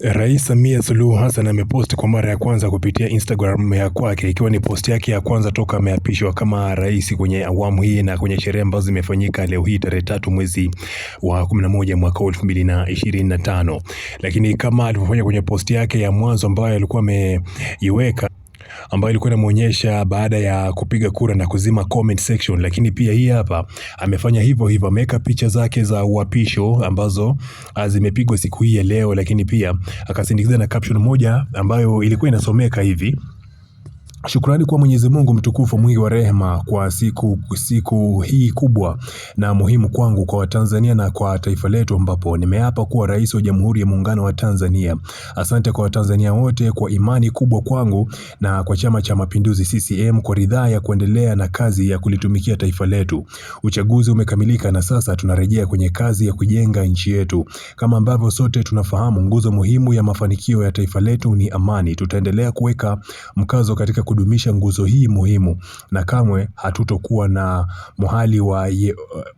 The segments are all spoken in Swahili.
Rais Samia Suluhu Hassan ameposti kwa mara ya kwanza kupitia Instagram ya kwake ikiwa ni posti yake ya kwanza toka ameapishwa kama rais kwenye awamu hii na kwenye sherehe ambazo zimefanyika leo hii tarehe tatu mwezi wa 11 mwaka 2025. Lakini kama alivyofanya kwenye posti yake ya mwanzo ambayo alikuwa ameiweka ambayo ilikuwa inamwonyesha baada ya kupiga kura na kuzima comment section, lakini pia hii hapa amefanya hivyo hivyo, ameweka picha zake za uapisho ambazo ah, zimepigwa siku hii ya leo, lakini pia akasindikiza na caption moja ambayo ilikuwa inasomeka hivi Shukrani kwa Mwenyezi Mungu mtukufu mwingi wa rehema kwa siku, siku hii kubwa na muhimu kwangu kwa Watanzania na kwa taifa letu ambapo nimeapa kuwa rais wa Jamhuri ya Muungano wa Tanzania. Asante kwa Watanzania wote kwa imani kubwa kwangu na kwa Chama cha Mapinduzi CCM kwa ridhaa ya kuendelea na kazi ya kulitumikia taifa letu. Uchaguzi umekamilika na sasa tunarejea kwenye kazi ya kujenga nchi yetu. Kama ambavyo sote tunafahamu, nguzo muhimu ya mafanikio ya taifa letu ni amani. Tutaendelea kuweka mkazo katika kudumisha nguzo hii muhimu na kamwe hatutokuwa na muhali wa ye,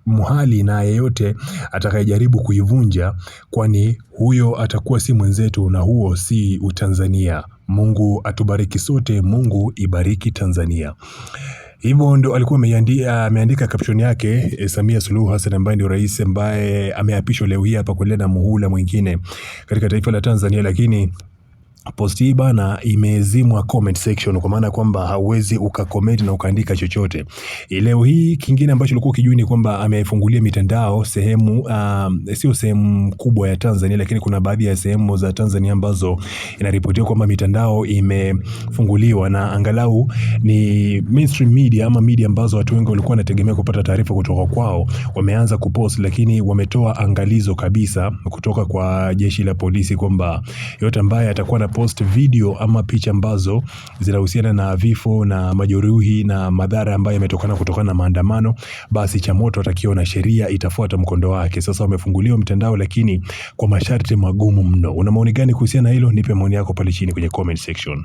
muhali na yeyote atakayejaribu kuivunja kwani huyo atakuwa si mwenzetu na huo si Utanzania. Mungu atubariki sote, Mungu ibariki Tanzania. Hivyo ndo alikuwa ameandika caption yake e, Samia Suluhu Hassan ambaye ndio rais ambaye ameapishwa leo hii hapa kuendelea na muhula mwingine katika taifa la Tanzania, lakini post hii bana imezimwa comment section, kwa maana kwamba hauwezi ukakomenti na ukaandika chochote eh, leo hii. Kingine ambacho ulikuwa ukijui ni kwamba amefungulia mitandao sehemu um, sio sehemu kubwa ya Tanzania, lakini kuna baadhi ya sehemu za Tanzania ambazo inaripotiwa kwamba mitandao imefunguliwa na angalau ni mainstream media ama media ambazo watu wengi walikuwa wanategemea kupata taarifa kutoka kwao, wameanza kupost, lakini wametoa angalizo kabisa kutoka kwa jeshi la polisi kwamba yote ambaye atakuwa na kupost video ama picha ambazo zinahusiana na vifo na majeruhi na madhara ambayo yametokana kutokana na maandamano, basi cha moto na sheria itafuata mkondo wake. Sasa wamefunguliwa mtandao lakini kwa masharti magumu mno. Una maoni gani kuhusiana na hilo? Nipe maoni yako pale chini kwenye comment section.